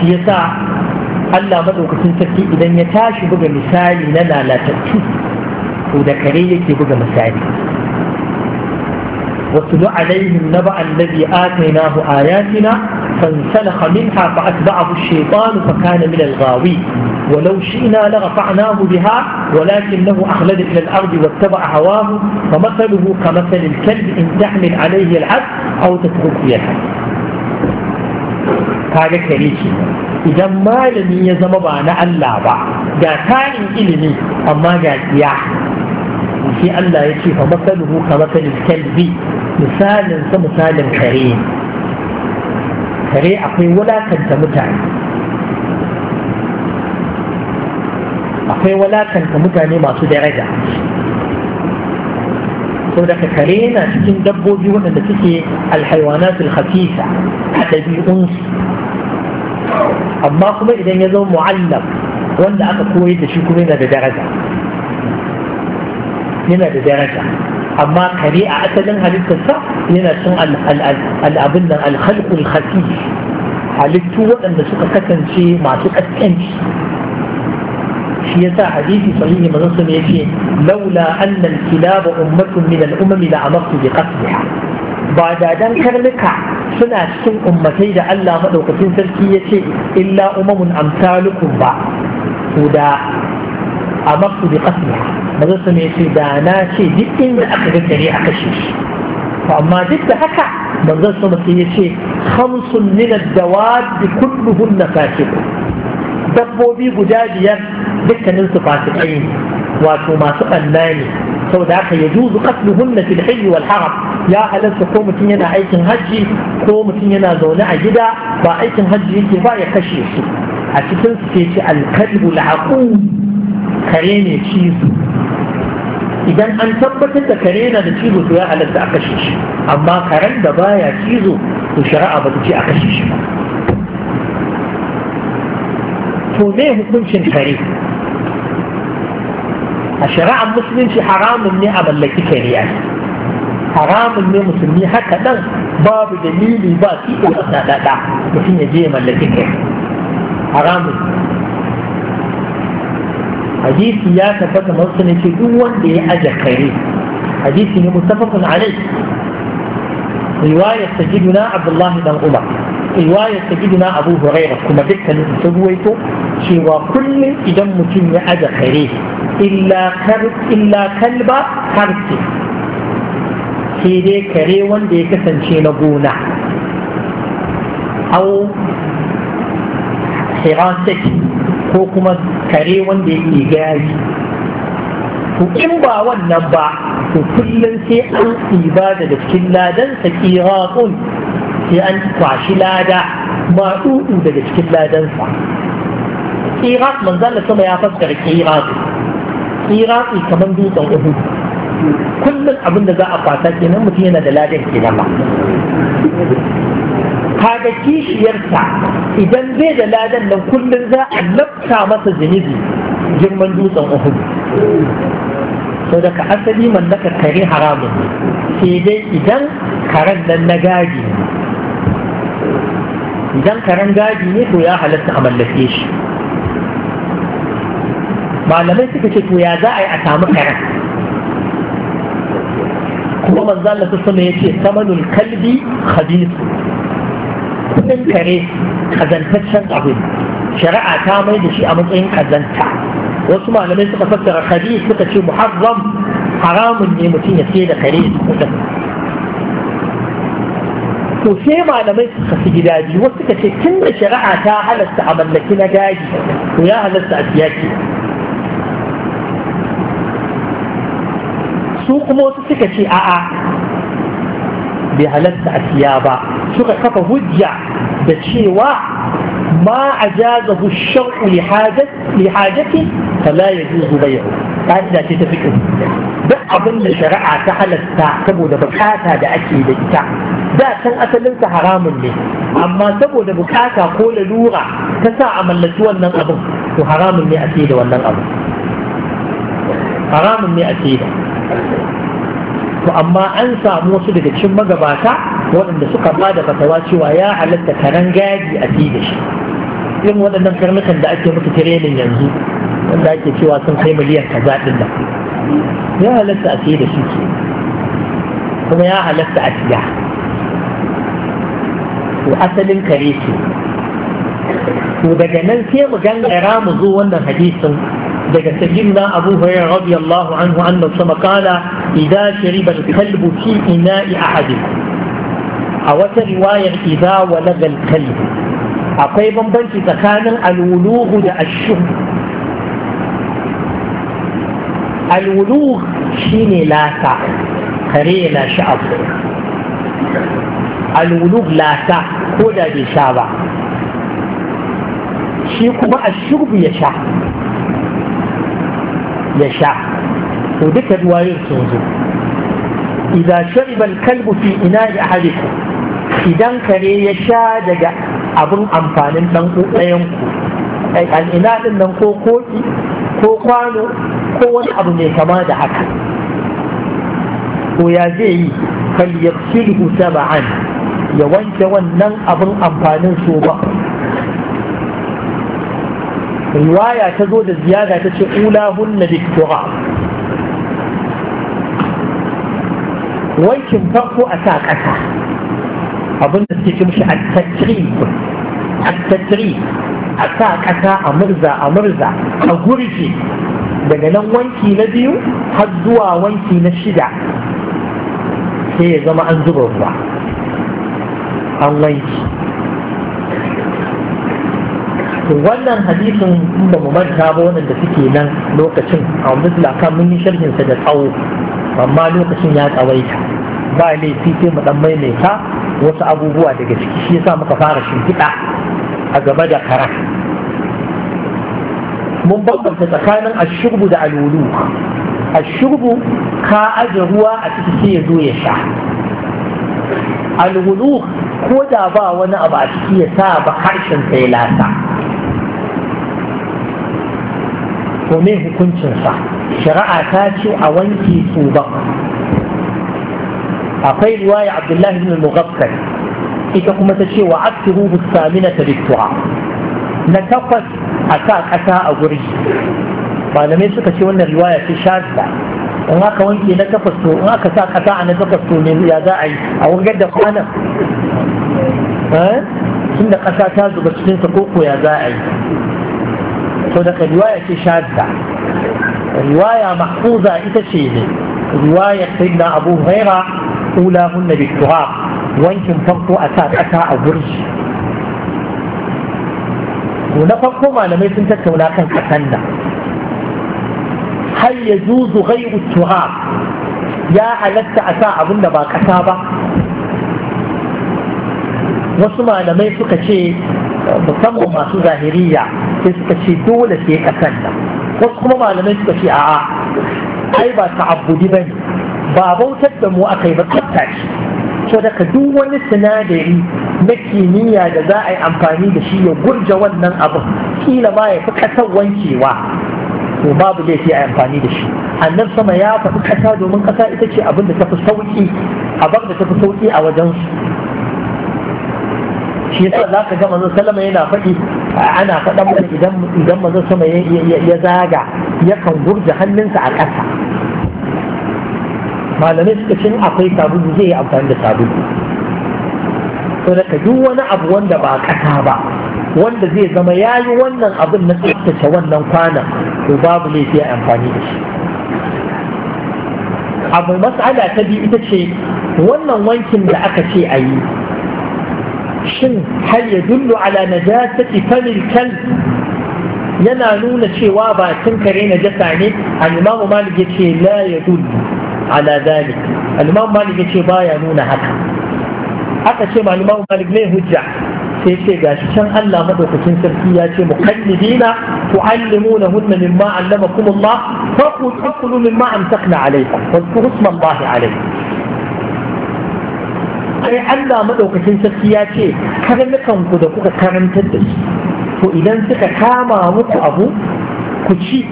shi yasa Allah madaukakin sarki idan ya tashi buga misali na lalatattu to da kare yake buga misali واتل عليهم نبأ الذي آتيناه آياتنا فانسلخ منها فأتبعه الشيطان فكان من الغاوي ولو شئنا لرفعناه بها ولكنه أخلد إلى الأرض واتبع هواه فمثله كمثل الكلب إن تحمل عليه العبد أو تتركه يلعب kaga kare ke idan malami ya zama ba na Allah ba ga tarin ilimi amma ga tsiya sai Allah ya ce fa masaluhu ka masalin kalbi misalin sa misalin kare kare akwai wulakanta mutane akwai wulakanta mutane masu daraja saboda ka kare na cikin dabbobi waɗanda suke su khafisa a ɗabi'unsu amma kuma idan ya zama mu'allam wanda aka koyar da shi kuma yana da daraja yana da daraja amma kare a asalin halittarsa yana cin al'abin nan alhalkul khafi halittu waɗanda suka kasance masu ƙasƙanci shi yasa hadisi sahihi manzon sun yace laula annal kilaba ummatun min al-umam la amartu bi qatliha ba da dan karnuka suna cikin ummatai da Allah maɗaukacin sarki ya ce illa umamun amsalukum ba ku da a maku da ƙasna ba su mai ce da na ce duk inda aka ga gare aka shi to amma duk da haka manzon sama sai ya ce hamsun min ad-dawabi kulluhun fasiq dabbobi guda biyar dukkanin su fasikai ne wato masu ɓanna ne sau da haka ya juzu qatluhunna fil hayy wal haram ya halatta ko mutum yana aikin hajji ko mutum yana zaune a gida ba aikin hajji yake ba ya kashe su a cikin su ke ci al-kalbu kare ne cizo idan an tabbatar da kare yana da cizo to ya halatta a kashe shi amma karen da baya cizo to shari'a ba ta ce a kashe shi ba to me hukuncin kare الشرع المسلم شي حرام مني أبا لك كيري يعني حرام مني مسلمي هكذا باب دليل باكي وقتا دا دا وفين يجيما لك كيري حرام حديث يا كفت مرسل في دول دي أجا كيري حديث يا متفق عليه رواية سجدنا عبد الله بن عمر رواية سجدنا أبو هريرة كما ذكرت سبويته شوى كل إذا متم أجا كيري illa kalba harfi sai dai kare wanda ya kasance na gona au hirasaki ko kuma kare wanda ya yake gari to in ba wannan ba to kullum sai an ibada da cikin ladan sa kiratun sai an kwashi lada ma daga cikin ladansa kirat manzan da sama ya fassara kiratun in kamar dutsen uhu kullum abin da za a kwasa kenan mutum yana da ladan kenan ba kaga kishiyarsa idan zai da ladan nan kullum za a lafta masa zunubi girman dutsen uhu sau daga asali mallakar kare haramun sai dai idan karen nan na gadi idan karen gaji ne to ya halatta a mallake shi malamai suka ce to ya za a yi a samu karen kuma manzo Allah ta sama yace samanul kalbi khabith kudin kare kazantaccen abu shari'a ta mai da shi a matsayin kazanta wasu malamai suka fassara khabith suka ce muharram haramun ne mutum ya sai da kare kudin to sai malamai suka fi gida biyu wasu suka ce tun da shari'a ta halasta a mallaki na daji to ya halasta a siyaki su kuma wasu suka ce a'a bai halatta a siya ba suka kafa hujja da cewa ma a ga bushar lihajati fala ya juzu bayahu ka'ida ce ta fikin duk abin da shari'a ta halatta saboda bukata da ake da ita da can asalinsa haramun ne amma saboda bukata ko lalura ta sa a mallaki wannan abin to haramun ne a da wannan abin haramun ne a da to amma an samu wasu daga cikin magabata waɗanda suka ba da fatawa cewa ya halatta karen gadi a fi da shi irin waɗannan karnukan da ake musu tirenin yanzu wanda ake cewa sun kai miliyan kaza ɗin nan ya halatta a fi da shi ke kuma ya halatta a siya to asalin kare ce to daga nan sai mu gangara mu zo wannan hadisin دك سيدنا أبو هريرة رضي الله عنه عن ثم قال إذا شرب الكلب في إناء أحد أو رواية إذا ولد الكلب أقيم بنت تكان الولوغ لأشه الولوغ شين لا تع خري لا شعب الولوغ لا تع هو دي شابع شيكو ما الشرب يشعب ya sha to duka ruwayoyin sun zo idan shariban kalbu fi ina da ahadikum idan kare ya sha daga abin amfanin dan ɗayan ku al'ina din nan ko koki ko kwano ko wani abu mai kama da haka ko ya zai yi falyafsilhu saba'an ya wanke wannan abin amfanin su ba riwaya ta zo da ziyada ta ce ulahunna bittura wankin farko a sa ƙasa abin da suke kimshi a tattri a sa ƙasa a murza a murza a gurje daga nan wanki na biyu har zuwa wanki na shida sai ya zama an zuba ruwa an wanki wannan hadisin ba mu manta ba wannan da suke nan lokacin a wani laka mun yi sharhinsa da tsawo amma lokacin ya tsawaita ba laifi sai mu dan maimaita wasu abubuwa daga ciki shi yasa muka fara shimfiɗa a gaba da kara mun bambanta tsakanin ashurbu da alulu ashurbu ka aje ruwa a ciki sai ya zo ya sha alulu ko da ba wani abu a ciki ya sa ba harshen sai lasa to me hukuncinsa shari'a ta ce a wanke tsuban akwai riwaya abdullahi ibn mughaffal ita kuma ta ce wa aktiru bisamina tabittuha na takwas a sa ƙasa a gurji malamai suka ce wannan riwaya ce shazza in aka wanke na takwas to in aka sa ƙasa a na takwas to ne ya za a yi a wangar da kwanan eh? tun da ƙasa ta zuba cikinsa ko ko ya za a yi sau daga riwaya ce shadda riwaya mahfuza ita ce ne riwaya na abu haira ula hunna bi turab wankin farko a sa ƙasa a gurji na farko malamai sun tattauna kan ƙasan nan ya zuzu ghairu turab ya halatta a sa abin da ba ƙasa ba wasu malamai suka ce musamman masu zahiriya sai suka ce dole sai ƙasar nan wasu kuma malamai suka ce a'a ai ba ta'abbudi bane ba bautar da mu aka yi ba tsafta ce daga duk wani sinadari na kimiyya da za a yi amfani da shi ya gurje wannan abin kila ma ya fi ƙasar wankewa to babu laifi a amfani da shi annan sama ya faɗi ƙasa domin ƙasa ita ce abin da ta fi sauƙi abin da ta fi sauƙi a wajen su shi yasa za ka ga manzon sallama yana faɗi ana faɗa mana idan idan sama ya zaga yakan gurje hannunsa a ƙasa malamai suka cin akwai sabulu zai yi amfani da sabulu to daga duk wani abu wanda ba ƙasa ba wanda zai zama ya yi wannan abin na tsaftace wannan kwanan to babu laifi a amfani da shi abu mas'ala ta biyu ita ce wannan wankin da aka ce a yi وحش هل يدل على نجاسة فم الكلب يانا نونا شي تنكرين جسا عني الإمام مالك يتشي لا يدل على ذلك الإمام مالك يتشي بايا نونا حتى حتى شي ما الإمام مالك ليه هجع سيشي قاش شان ألا مدوك تنسبتي ياتي مقلدين تعلمونهن مما علمكم الله فقل أقل مما أمسكنا عليكم فاذكروا اسم الله عليكم Sai Allah maɗaukacin sarki ya ce karnukan ku da kuka karantar da su to idan suka kama muku abu ku ci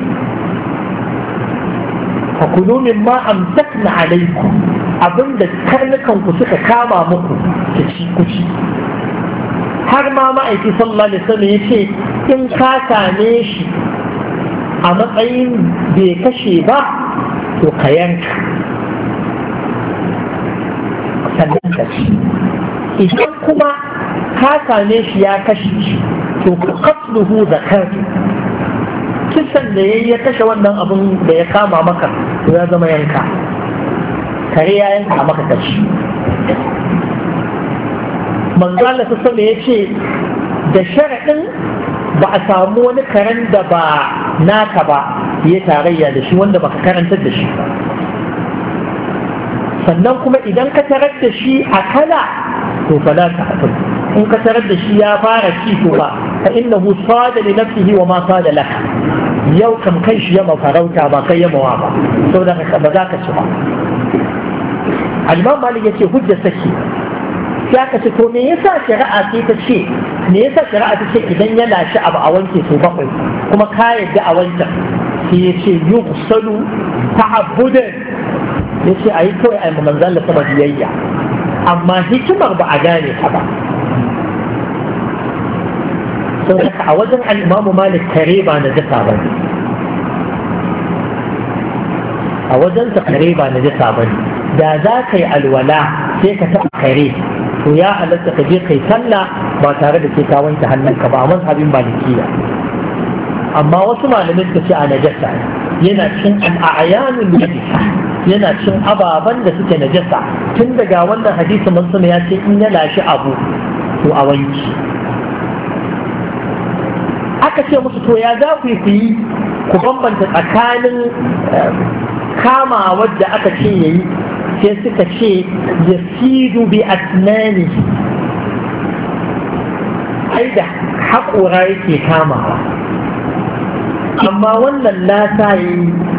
fa kulu mimma amsakna alaikum abinda karnukan ku suka kama muku ku ci ku ci har ma ma'aiki sallallahu alaihi wasallam ya ce in ka same shi a matsayin bai kashe ba to ka yanka sannan ka ci idan kuma ka same shi ya kashe shi to ka katluhu da kanka kisan da ya ya kashe wannan abun da ya kama maka to ya zama yanka kare ya yanka maka kaci. manzala ta sama ya ce da sharaɗin ba a samu wani karen da ba naka ba ya tarayya da shi wanda baka karantar da shi ba sannan kuma idan ka tarar da shi a kala to fa ta hafi in ka tarar da shi ya fara ci to ba fa innahu sada li nafsihi wa ma sada laka yau kam kai shi ya mafarauta ba kai yamawa ba saboda ka ba za ka ci ba al-imam malik yace hujja saki ya aka ce to me yasa shari'a sai ta ce me yasa shari'a ta ce idan ya lashi abu a wanke to bakwai kuma ka yadda a wancan sai ya ce yuqsalu ta'abbudan ya ce a yi kawai a yi manzan da sama biyayya amma hikimar ba a gane ta ba sau a wajen al'imamu malik kare ba na jasa ba ne a wajen ta kare ba na jasa ba ne da za ka yi alwala sai ka taɓa kare to ya halatta ka je kai sallah ba tare da sai ka wanke hannunka ba a mazhabin malikiya amma wasu malamin suka ce a najasa yana cikin al'ayanul najasa yana cin ababen da suke najasa tun daga wannan hadisi mansuna ya ce in ya lashi abu to a wanki aka ce musu to ya za ku yi ku bambanta tsakanin eh, kama wadda aka ce ya yi sai suka ce ya sidu bi asnani ai da haƙora yake kamawa amma wannan lata ya yi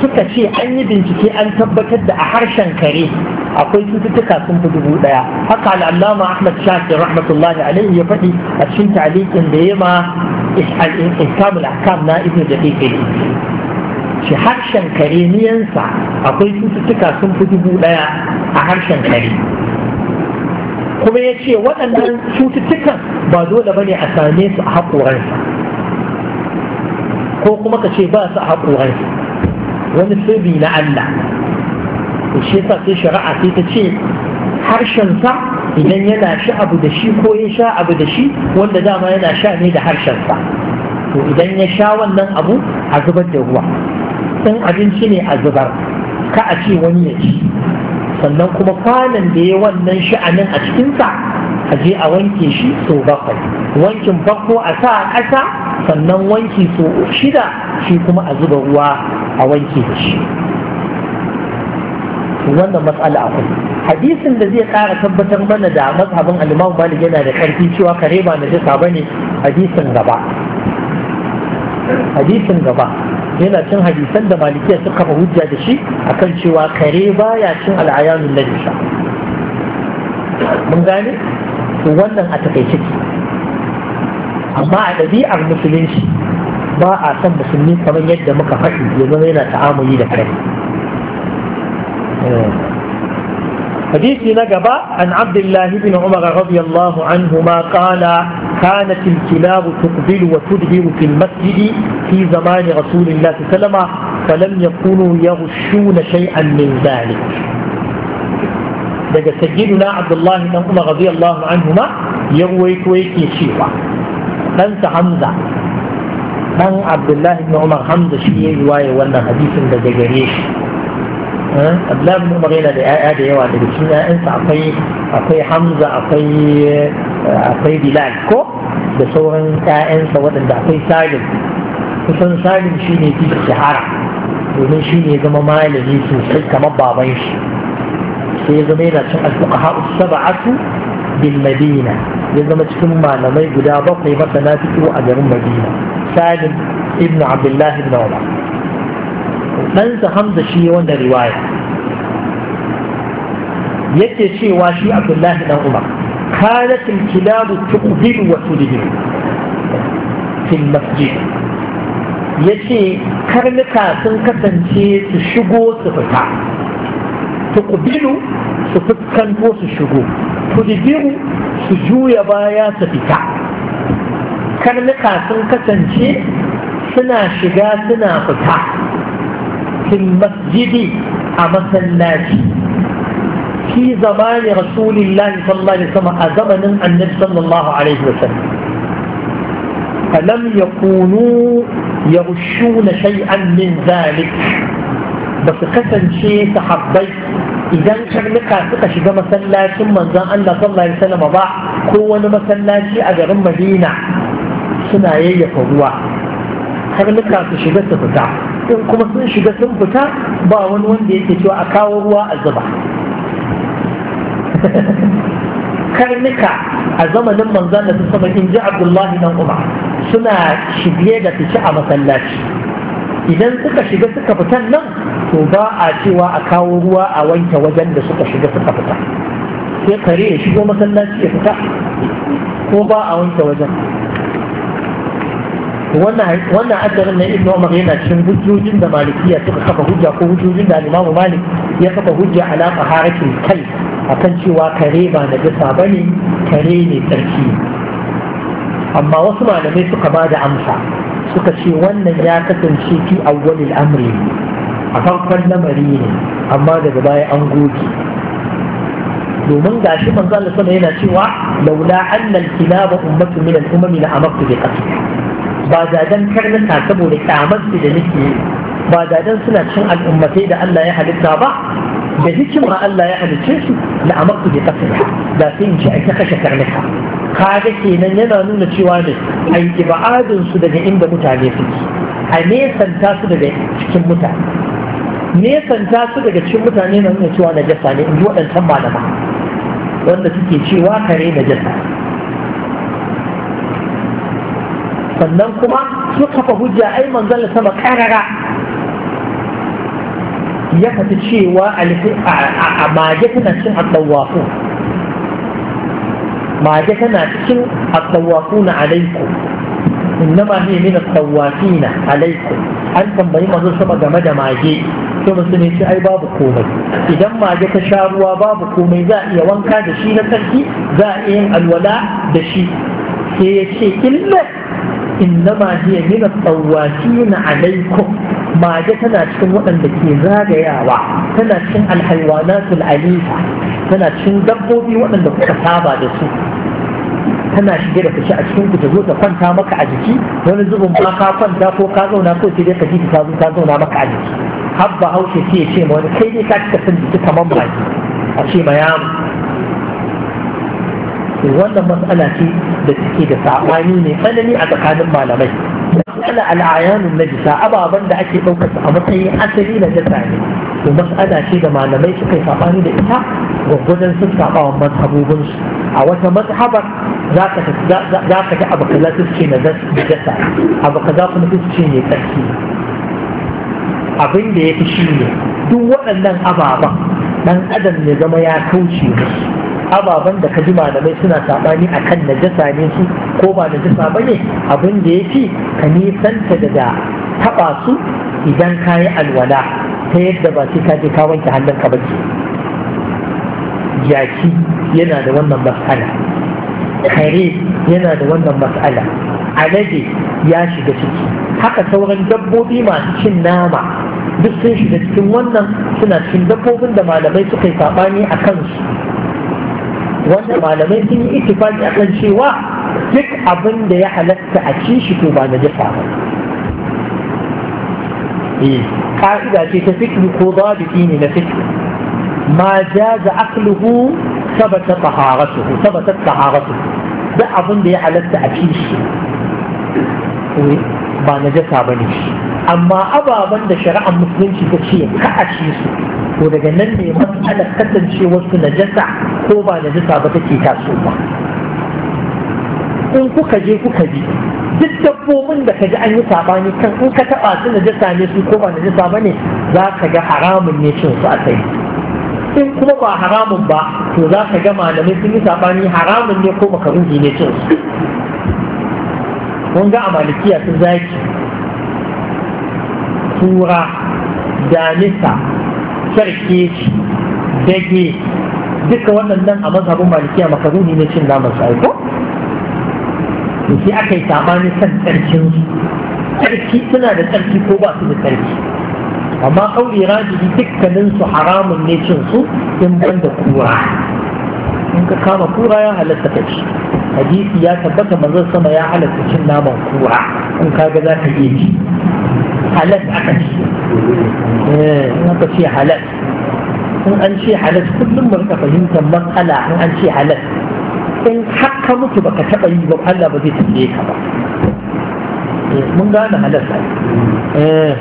suka ce an yi bincike an tabbatar da a harshen kare akwai cututtuka sun fi dubu daya haka al'allama ahmad Shafi rahmatullahi alaihi ya faɗi a cikin talikin da ya ma al ahkam na ibnu daqiqi shi harshen kare niyansa akwai cututtuka sun fi dubu daya a harshen kare kuma ya ce waɗannan cututtukan ba dole ba ne a same su a haƙoransa ko kuma ka ce ba su a haƙoransa wani sirri na Allah to shi sa sai shari'a sai ta ce harshensa idan yana sha abu da shi ko ya sha abu da shi wanda dama yana sha ne da harshensa to idan ya sha wannan abu a zubar da ruwa in abinci ne a zubar ka a ce wani ya ci sannan kuma kwanan da ya wannan sha'anin a cikinsa a je a wanke shi sau bakwai wankin bako a sa a ƙasa sannan wanki sau shida shi kuma a zuba ruwa a wanke da shi wannan matsala akwai hadisin da zai kara tabbatar mana da mazhabin al-Imam Malik yana da karfi cewa kare ba na jisa ne hadisin gaba hadisin gaba yana cin hadisan da malikiya suka fa hujja da shi akan cewa kare baya cin al'ayanun najisa mun gane wannan a takaice amma a ɗabi'ar musulunci ba a san musulmi kamar yadda muka haɗu ya zama yana ta'amuli da kai حديثي نقبا عن عبد الله بن عمر رضي الله عنهما قال كانت الكلاب تقبل وتدبر في المسجد في زمان رسول الله صلى الله عليه وسلم فلم يكونوا يغشون شيئا من ذلك لقد سجدنا عبد الله بن عمر رضي الله عنهما يروي كويتي شيئا أنت حمزة dan abdullahi ibn umar hamza shi ya yi waye wannan hadisin daga gare shi eh, abdullahi ibn umar yana da ya'ya da yawa daga cikin ya'yansa akwai akwai hamza akwai eh, akwai bilal ko da sauran ya'yansa waɗanda akwai salim kusan salim shi ne fi shahara domin shi ne zama malami sosai kamar baban shi sai ya zama yana cin alfuqaha sab'atu bil madina ya zama cikin malamai guda bakwai masana fiqh a garin madina salim ibn abdullahi ibn umar ɗansa hamza shi wanda riwaya yake cewa shi abdullahi dan umar كانت الكلاب تقبل وتدهن في المسجد yace karnuka sun kasance su shigo su fita tuqbilu su fuskanto su shigo tudbiru su juya baya su fita karnuka sun kasance suna shiga suna fita fil masjidi a masallaci fi zamani rasulillahi sallallahu alaihi wasallam a zamanin annabi sallallahu alaihi wasallam فلم يكونوا يغشون شيئا من ذلك بس كسن شيء صحابي إذا كان مكاسك شيء مثلا ثم أن الله صلى الله عليه وسلم ضاع كون مثلا أجر مدينة suna yayyafa ruwa karnuka su shiga su fita in kuma sun shiga sun fita ba wani wanda yake cewa a kawo ruwa a zuba karnuka a zamanin manzan da su sama in ji abdullahi dan umar suna shige da fice a masallaci idan suka shiga suka fita nan to ba a cewa a kawo ruwa a wanke wajen da suka shiga suka fita sai kare ya shigo masallaci ya fita ko ba a wanke wajen wannan ajarin na ibn umar yana cikin hujjojin da malikiya suka saka hujja ko hujjojin da imamu malik ya kafa hujja ala harakin kai akan cewa kare ba na jasa bane kare ne tsarki amma wasu malamai suka ba da amsa suka ce wannan ya kasance fi awwalil amri a farkon lamari ne amma daga baya an goge domin gashi shi manzo Allah yana cewa laula annal kilaba ummatu min al-umami la amartu bi ba zaden karnuka saboda su da nake yi ba zaden suna cin al'ummatai da Allah ya halitta ba da hikima Allah ya halicce su da amarku da kafin da sai in ce a kashe karnuka kaga kenan yana nuna cewa ne a yi ibadun su daga inda mutane suke a nesanta su daga cikin mutane nesanta su daga cikin mutane na nuna cewa na jasa ne in ji waɗancan malama wanda suke cewa kare na jasa sannan kuma su kafa hujja ai manzon sama karara ya kafi cewa a mage tana cin addawafu mage tana cin addawafu na alaiku innama hiya min adawafina alaiku an tambayi manzon sama game da mage sai musulmi ce ai babu komai idan mage ta sha ruwa babu komai za a iya wanka da shi na sarki za a iya yin alwala da shi sai ya ce illa innama hiya mina tsawwafina alaikum ba ga tana cikin waɗanda ke zagayawa tana cikin alhaiwanatul alifa tana cikin dabbobi waɗanda kuka saba da su tana shige da fushi a cikin ku da zo kwanta maka a jiki wani zubin ba ka kwanta ko ka zauna ko ce ka ji ta zo ta zauna maka a jiki habba haushe ya ce ma wani kai dai ka cika sun jiki kamar baki a ce ma yamu to wannan matsala ce da take da saɓani mai tsanani a tsakanin malamai matsala al'ayanun na bisa ababen da ake ɗaukar a matsayin asali na jasa ne to matsala ce da malamai suka yi saɓani da ita gwaggwajen sun saɓa wa mazhabobinsu a wata mazhabar za ka ga abu kaza ce na jasa abu kaza kuma su ce ne tsarki abin da ya fi shi ne duk waɗannan ababen ɗan adam ne zama ya kauce musu ababen da ka ji malamai suna sabani a kan najasa ne su ko ba najasa ba ne abin da ya fi ka nisanta daga taɓa su idan ka yi alwala ta yadda ba sai ka je ka wanke ka ba jaki yana da wannan matsala kare yana da wannan matsala alade ya shiga ciki haka sauran dabbobi masu cin nama duk sun shiga cikin wannan suna cikin dabbobin da malamai suka yi saɓani a kansu wanda malamai sun yi ittifaqi akan cewa duk abin da ya halatta a ci shi to ba na jasa ba eh, ka'ida ce ta fikri ko zabiti ne na fikri ma jaza akluhu sabata taharatuhu sabata taharatuhu duk abin da ya halatta a ci shi ba na jasa ba ne amma ababen da shari'ar musulunci ta ce ka a ci su ko daga nan ne matsalar kasancewar na najasa ko ba najasa ba take ba in kuka je kuka ji, duk dabbobin da ka ji an yi sabani kan in ka taba su najasa ne su ko ba najasa ba ne za ka ga haramun ne cin su a tsaye in kuma ba haramun ba to za ka ga malamai sun yi sabani haramun ne ko makaruhi ne cin su mun ga a malikiya sun zaki tura damisa kyarkeci dage duka waɗannan a mazhabin malikiya makaruni ne cin naman su aiko to sai aka yi sabanin san tsarkin su tsarki suna da tsarki ko ba su da tsarki amma kauli rajihi dukkanin su haramun ne cin su in ban da kura in ka kama kura ya halatta ka ci hadisi ya tabbata manzon sama ya halatta cin naman kura in ga za ka iya ci halas aka ci Eh, in aka ce halal in an ce halal kullum ba ka fahimtar matsala in an ce halal in haka mutu baka taɓa yi ba Allah ba zai tambaye ka ba eh, mun gane halal eh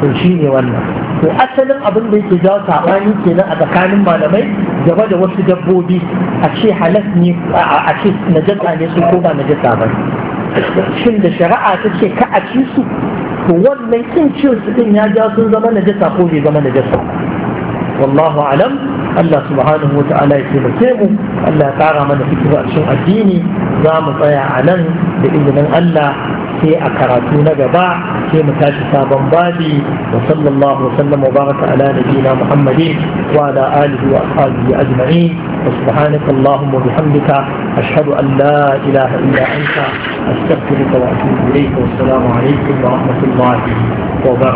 to shine wannan to asalin abin da yake jawo sabani kenan a tsakanin malamai gaba da wasu dabbobi a ce halal ne a ce najasa ne su ko ba najasa ba shin da shari'a ta ce ka a ci su to wannan kin cin su din ya ja sun zama najasa ko bai zama najasa wallahu alam Allah subhanahu wa ta'ala ya taimake mu Allah ya kara mana fikira a cikin addini za mu tsaya a nan da izinin Allah sai a karatu na gaba sai mu tashi sabon babi wa sallallahu wasallam wa baraka ala nabiyina muhammadin wa ala alihi wa ashabihi ajma'in wa subhanaka allahumma bihamdika ashhadu an la ilaha illa anta astaghfiruka wa atubu ilayk wa assalamu alaikum wa rahmatullahi wa barakatuh